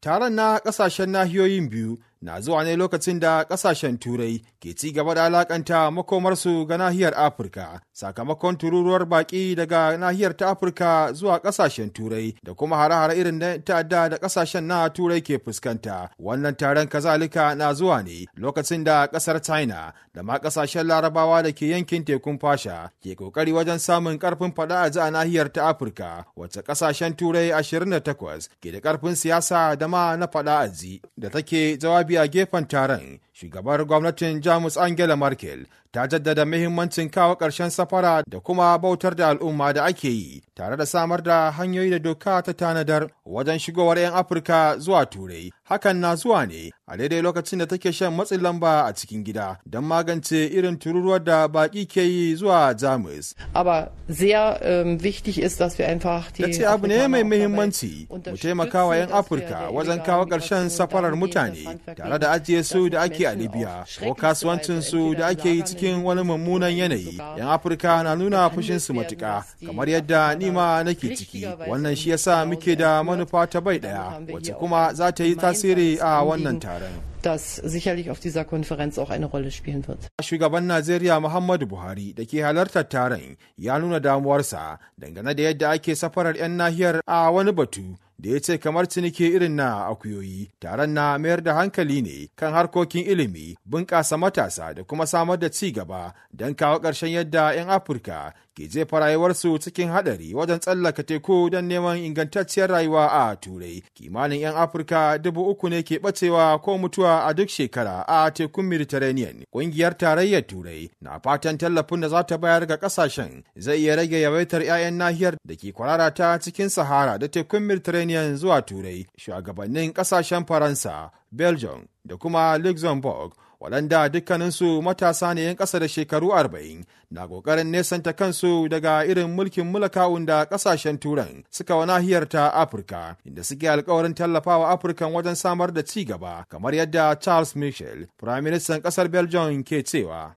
taron na ƙasashen nahiyoyin biyu na zuwa ne lokacin da ƙasashen turai ke ci gaba da alakanta makomarsu ga nahiyar afirka sakamakon tururuwar baƙi daga nahiyar ta afirka zuwa ƙasashen turai da kuma hare-hare irin na ta'adda da ƙasashen na turai ke fuskanta wannan taron kazalika na zuwa ne lokacin da ƙasar china da ma ƙasashen larabawa da ke yankin tekun fasha ke ƙoƙari wajen samun ƙarfin faɗa a nahiyar ta afirka wacce ƙasashen turai ashirin da takwas ke da ƙarfin siyasa da ma na faɗa da take jawabi biya a gefen taron shugabar gwamnatin jamus angela merkel ta jaddada muhimmancin kawo ƙarshen safara da kuma bautar da al'umma da ake yi tare da samar da hanyoyi da doka ta tanadar wajen shigowar 'yan afirka zuwa turai hakan na zuwa ne a daidai lokacin da take shan matsin lamba a cikin gida don magance irin tururuwar da baki ke yi zuwa jamus aber sehr ähm, abu ne mai muhimmanci mu taimaka wa 'yan afirka wajen kawo ƙarshen safarar mutane tare da ajiye su da ake a libya ko kasuwancinsu da ake yi cikin wani mummunan yanayi yan afirka na nuna fushinsu matuka kamar yadda nima nake ciki wannan shi yasa muke da manufa ta bai ɗaya wacce kuma za ta yi tasiri a wannan taron das sicherlich auf dieser Konferenz auch eine Rolle spielen wird. Shugaban Najeriya Muhammadu Buhari da ke halartar taron ya nuna damuwarsa dangane da yadda ake safarar 'yan nahiyar a wani batu da ya ce kamar ciniki irin na akuyoyi taron na mayar da hankali ne kan harkokin ilimi bunƙasa matasa da kuma samar da ci gaba don kawo ƙarshen yadda 'yan afirka ke jefa rayuwarsu cikin haɗari wajen tsallaka teku don neman ingantacciyar rayuwa a turai kimanin 'yan afirka dubu uku ne ke ɓacewa ko mutuwa a duk shekara a tekun mediterranean ƙungiyar tarayyar turai na fatan tallafin da za ta bayar ga ƙasashen zai iya rage yawaitar 'ya'yan nahiyar da ke kwarara ta cikin sahara da tekun mediterranean Mediterranean zuwa Turai, shugabannin ƙasashen Faransa, Belgium da kuma Luxembourg, waɗanda dukkaninsu matasa ne 'yan ƙasa da shekaru arba'in na ƙoƙarin nesanta kansu daga irin mulkin mulkawun da ƙasashen Turan suka wa nahiyar ta Afirka, inda suke alkawarin tallafawa afirka wajen samar da ci gaba, kamar yadda Charles Michel, Firaministan ƙasar Belgium ke cewa.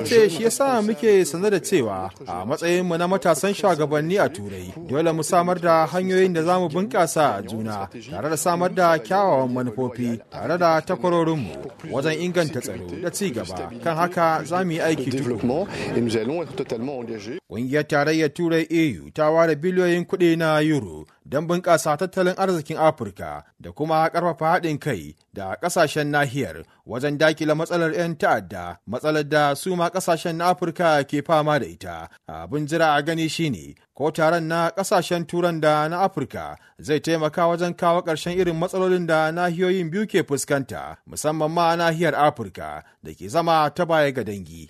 yace shi yasa muke sanar da cewa a matsayinmu na matasan shugabanni a turai dole mu samar da hanyoyin da za mu bunƙasa juna tare da samar da kyawawan manufofi tare da takwarorinmu wajen inganta tsaro da ci gaba kan haka za mu yi aiki tukuru. Ƙungiyar tarayyar turai EU ta ware biliyoyin kuɗi na euro don bunƙasa tattalin arzikin Afirka da kuma ƙarfafa haɗin kai da ƙasashen nahiyar wajen dakila matsalar 'yan ta'adda matsalar da su ma ƙasashen na Afirka ke fama da ita. Abin jira a gani shine ko taron na ƙasashen Turan da na Afirka zai taimaka wajen kawo ƙarshen irin matsalolin da nahiyoyin biyu ke fuskanta musamman ma nahiyar Afirka da ke zama ta baya ga dangi.